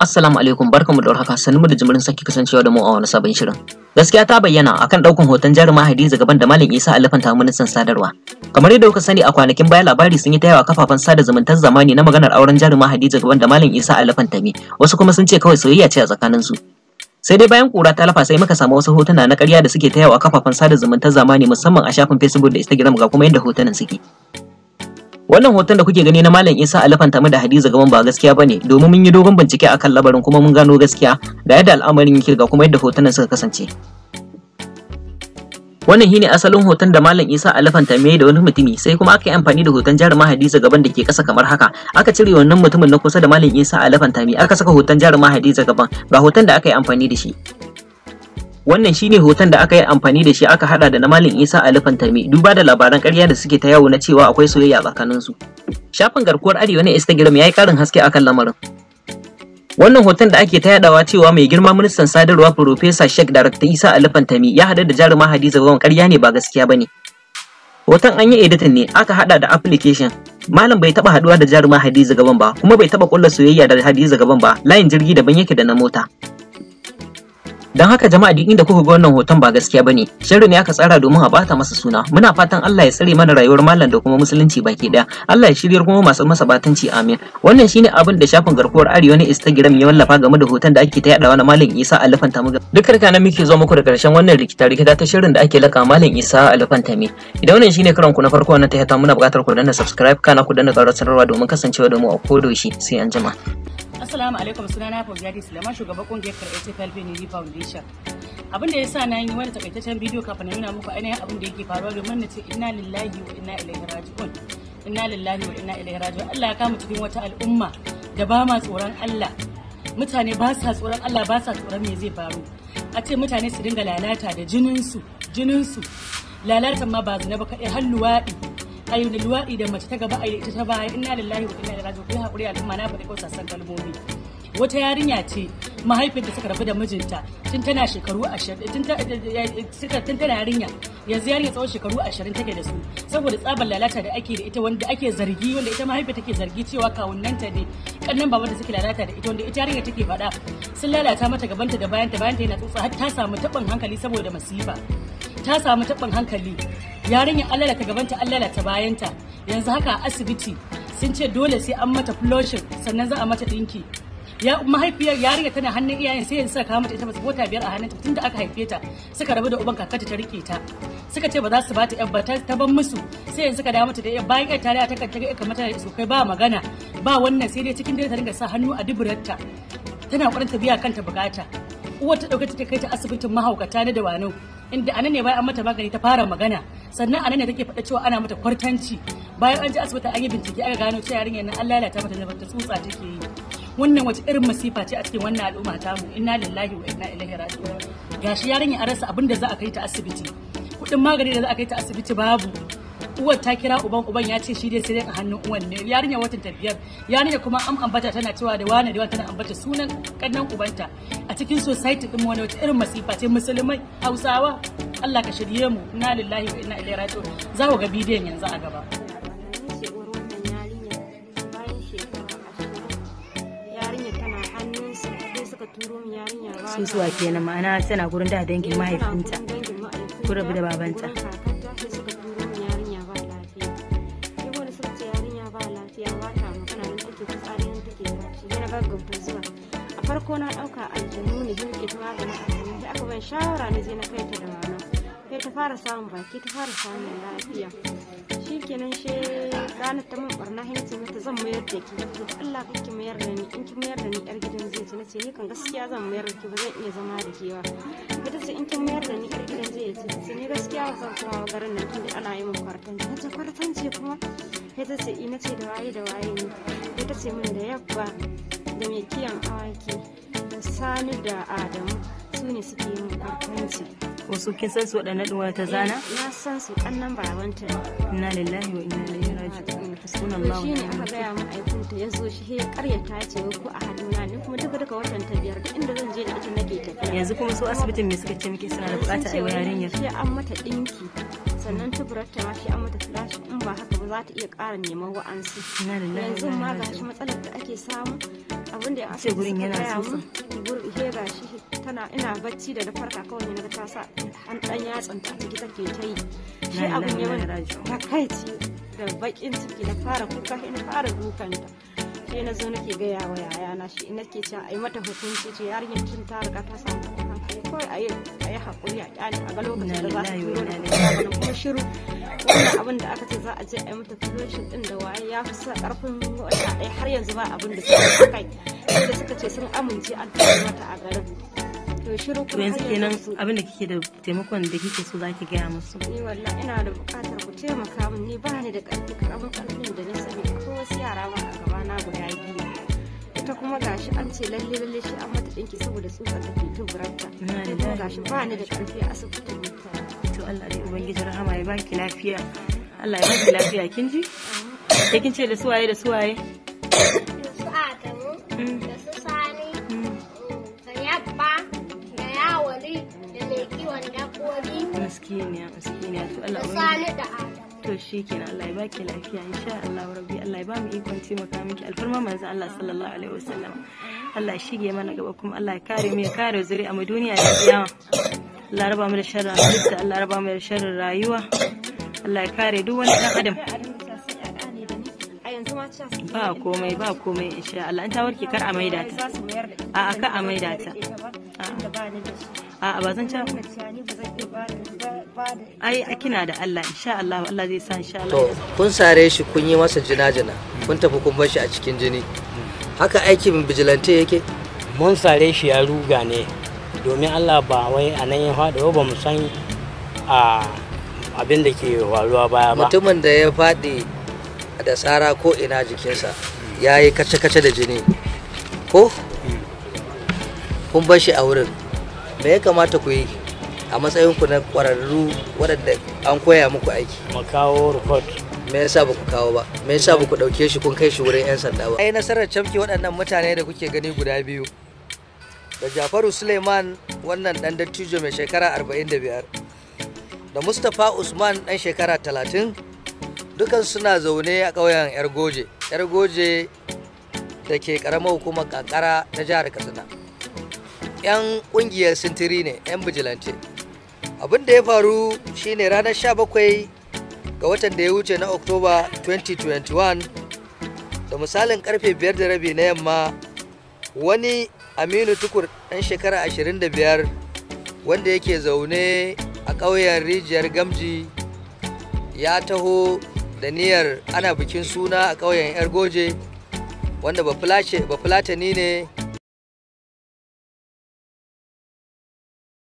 Assalamu alaikum barkamu da warhaka sanmu da jimirin saki kasancewa da mu a wani sabon shirin. Gaskiya ta bayyana akan daukan hoton jaruma Hadiza gaban da Malam Isa Alifan ta ministan sadarwa. Kamar yadda kuka sani a kwanakin baya labari sun yi ta yawa kafafen sada zumuntar zamani na maganar auren jaruma Hadiza gaban da Malam Isa Alifan mi. Wasu kuma sun ce kawai soyayya ce a tsakanin su. Sai dai bayan kura ta lafa sai muka samu wasu hotuna na ƙarya da suke ta yawa kafafen sada zumuntar zamani musamman a shafin Facebook da Instagram ga kuma yadda hotunan suke. Wannan hoton da kuke gani na Malam Isa Alifanta da Hadiza gaban ba gaskiya bane domin mun yi dogon bincike akan labarin kuma mun gano gaskiya ga yadda al'amarin yake ga kuma yadda hotunan suka kasance. Wannan shine asalin hoton da Malam Isa a Alifanta mai da wani mutumi sai kuma aka yi amfani da hoton jarumin Hadiza gaban da ke kasa kamar haka aka cire wannan mutumin na kusa da Malam Isa Alifanta mai aka saka hoton jarumin Hadiza gaban ba hoton da aka yi amfani da shi. wannan shine hoton da aka yi amfani da shi aka hada da na Malam Isa Ali Fantami duba da labaran ƙarya da suke ta yawo na cewa akwai soyayya tsakanin su. Shafin garkuwar Arewa na Instagram ya yi ƙarin haske akan lamarin. Wannan hoton da ake ta yadawa cewa mai girma ministan sadarwa Profesa Sheikh Darakta Isa Ali Fantami ya hada da jaruma Hadiza Wawan ƙarya ne ba gaskiya bane. Hoton an yi editin ne aka hada da application. Malam bai taba haduwa da jaruma Hadiza gaban ba kuma bai taba kulla soyayya da Hadiza gaban ba layin jirgi daban yake da na mota. Don haka jama'a duk inda kuka ga wannan hoton ba gaskiya bane. Sharri ne aka tsara domin a bata masa suna. Muna fatan Allah ya tsare mana rayuwar mallan da kuma musulunci baki daya. Allah ya shiryar kuma masu masa batanci amin. Wannan shine abin da shafin garkuwar Arewa na Instagram ya wallafa game da hoton da ake ta yadawa wa malam Isa Alfanta muga. Dukkan kana muke zo muku da karshen wannan rikita rikita ta shirin da ake laka malam Isa Alfanta me. Idan wannan shine karan ku na farko wannan ta muna buƙatar ku danna subscribe kana ku danna ƙarar sanarwa domin kasancewa da mu a shi sai an jima. Assalamu alaikum sunana Fauziyati Sulaiman shugaban kungiyar Creative Health Unity Foundation. Abin da ya sa na yi wani takaitaccen bidiyo kafin na nuna muku ainihin abin da yake faruwa domin na ce inna lillahi wa inna ilaihi raji'un. Inna lillahi wa inna ilaihi raji'un. Allah ya kama cikin wata al'umma da ba ma tsoron Allah. Mutane ba sa tsoron Allah ba sa tsoron me zai faru. A ce mutane su dinga lalata da jininsu jininsu. Lalatan ma ba zina ba kaɗai har luwaɗi. ayu da luwaɗi da mace ta gaba a ita ta baya inna lillahi wa inna ilaihi raji'un ku haƙuri al'umma na faɗi ko kalmomi wata yarinya ce mahaifinta suka rabu da mijinta tun tana shekaru ashirin tun tana yarinya yanzu yarinya tsawon shekaru ashirin take da su saboda tsabar lalata da ake da ita wanda ake zargi wanda ita mahaifi take zargi cewa kawunnanta ne kannan baba da suke lalata da ita wanda ita yarinya take faɗa sun lalata mata gabanta da bayanta bayanta yana tsotsa har ta samu taɓin hankali saboda masifa ta samu taɓin hankali yarinyar allala ta gabanta allala ta bayanta yanzu haka asibiti sun ce dole sai an mata flushing sannan za a mata dinki ya mahaifiyar yarinya tana hannun iyayen sai yanzu suka kawo mata ita ba biyar a hannunta tun da aka haife ta suka rabu da uban kaka ta rike ta suka ce ba za su bata yan ba ta ban musu sai yanzu suka dawo mata da bayan kai tare ta kanta ga kamata da sokai ba magana ba wannan sai dai cikin dare ta dinga sa hannu a duburarta tana ƙwarin ta biya kanta bukata uwar ta dauke ta kai ta asibitin mahaukata na dawanau inda anan ne bayan an mata magani ta fara magana sannan anan ne take faɗa cewa ana mata kwartanci bayan an je asibiti an yi bincike aka gano cewa yarinyar nan an lalata mata da ta tsutsa take yi wannan wace irin masifa ce a cikin wannan al'umma ta mu inna lillahi wa inna ilaihi raji'un gashi yarinyar an rasa abin da za a kai ta asibiti kuɗin magani da za a kai ta asibiti babu uwar ta kira uban uban ya ce shi dai sai dai a hannun uwan ne yarinya watan tafiyar yarinya kuma an ambata tana cewa da wani da wani tana ambata sunan kannan ubanta a cikin society din wani wata irin masifa ce musulmai hausawa Allah ka shirye mu inna lillahi wa inna ilaihi raji'un za ku ga bidiyon yanzu a gaba sun zuwa kenan ma'ana tana gurin da dangin mahaifinta gurin da babanta bar zuwa a farko na ɗauka aljanu ne hirge ta a kan da aka ban shawara na je na kai ta da wani kai ta fara samun baki ta fara samun lafiya shi kenan shi ranar ta min barna hanci mata zan mayar da ki to Allah ka ki mayar da ni in ki mayar da ni yar gidan zai ci nace ni kan gaskiya zan mayar da ki ba zan iya zama da ke ba ita ce in ki mayar da ni yar gidan zai ci nace ni gaskiya ba zan koma garin nan tunda ana yi min kwartanci nace kwartanci kuma ita ce ina ce da waye da waye ne ita ce min da yabba da mai kiyan awaki da sani da adamu su ne suke yin barkwanci wasu kin san su waɗannan ɗin ta zana eh, na san su ƙannan ne inna lillahi wa inna ilaihi raji'un sunan Allah ne aka gaya mu aikunta ya zo shi ya karyata ce ko a hannuna ni kuma duka duka watan ta biyar inda zan je da ita nake ta yanzu kuma su asibitin mai suka ce muke suna da bukata a yarinyar sai an mata dinki sannan tuburar ta ma shi an mata flash in ba haka ba za ta iya ƙara neman wa'ansu yanzu ma ga shi matsalar da ake samu abin da ya ce gurin yana tsotsa gurin ga shi tana ina bacci da na farka kawai ne na ta sa an dan yatsan ta ciki ke ta yi shi abin ya mana takaici da bakin ciki da fara kuka ina fara dukanta ce na zo nake gaya wa yayana shi nake cewa ai mata hukunci ce yar yankin ta riga ta samu kai kai ai yi hakuri a kyale a ga lokacin da za su yi da kuma shiru wannan abin da aka ce za a je a yi mata shi din da waye ya fi sa karfin wata har yanzu ba abin da suka kai da suka ce sun amince an kawo mata a garin to yanzu kenan abin da kike da taimakon da kike so zaki gaya musu ni wallahi ina da bukatar ku taimaka min ni ba ni da karfi karamin karfin da na sani ko wasu yara ma a gaba na guda biyu ita kuma gashi an ce lalle lalle shi an mata dinki saboda su tsutsa take tuburanta kuma gashi ba ni da karfi a asibitin mutane to Allah dai ubangiji rahama ya baki lafiya Allah ya baki lafiya kin ji kin ce da suwaye da suwaye Askiniya, askiniya to Allah Sani da Adamu. To shi kenan Allah ya baki lafiya insha Allah rabbi Allah ya ba mu ikon taimaka miki alfarma manzo Allah sallallahu alaihi wasallam. Allah ya shige mana gaba kuma Allah ya kare mu ya kare zuri a duniya da kiyama. Allah raba mu da sharrin halitta Allah raba mu da sharrin rayuwa. Allah ya kare duk wani dan adam. ba komai ba komai insha Allah an ta warke kar a maida ta a ka a maida ta Aa. a'a ba zan ci ai kina da Allah insha Allah Allah zai sa insha Allah to kun sare shi kun yi masa jina-jina kun tafi kun bar shi a cikin jini haka aikin bijilante yake mun sare shi ya ruga ne domin Allah ba wai a nan ya faɗo ba mu san a abin da ke waruwa baya ba mutumin da ya faɗi da Sara ko ina jikinsa ya yi kace-kace da jini ko kun bar shi a wurin me ya kamata ku yi a matsayin ku na kwararru waɗanda an koya muku aiki mu kawo report me yasa ba ku kawo ba me yasa ba ku ɗauke shi kun kai shi wurin 'yan sanda ba ai nasarar camki waɗannan mutane da kuke gani guda biyu da jafaru suleiman wannan ɗan dattijo mai shekara 45 da mustapha usman ɗan shekara 30 dukan suna zaune a ƙauyen yar goje yar goje da ke hukumar kankara ta jihar katsina 'yan ƙungiyar sintiri ne 'yan bijilante abin da ya faru shine ranar 17 ga watan da ya wuce na oktoba 2021 da misalin karfe 5 da rabi na yamma wani aminu tukur ɗan shekara 25 wanda yake zaune a ƙauyen rijiyar gamji ya taho da niyyar ana bikin suna a ƙauyen yar goje wanda fulatani ne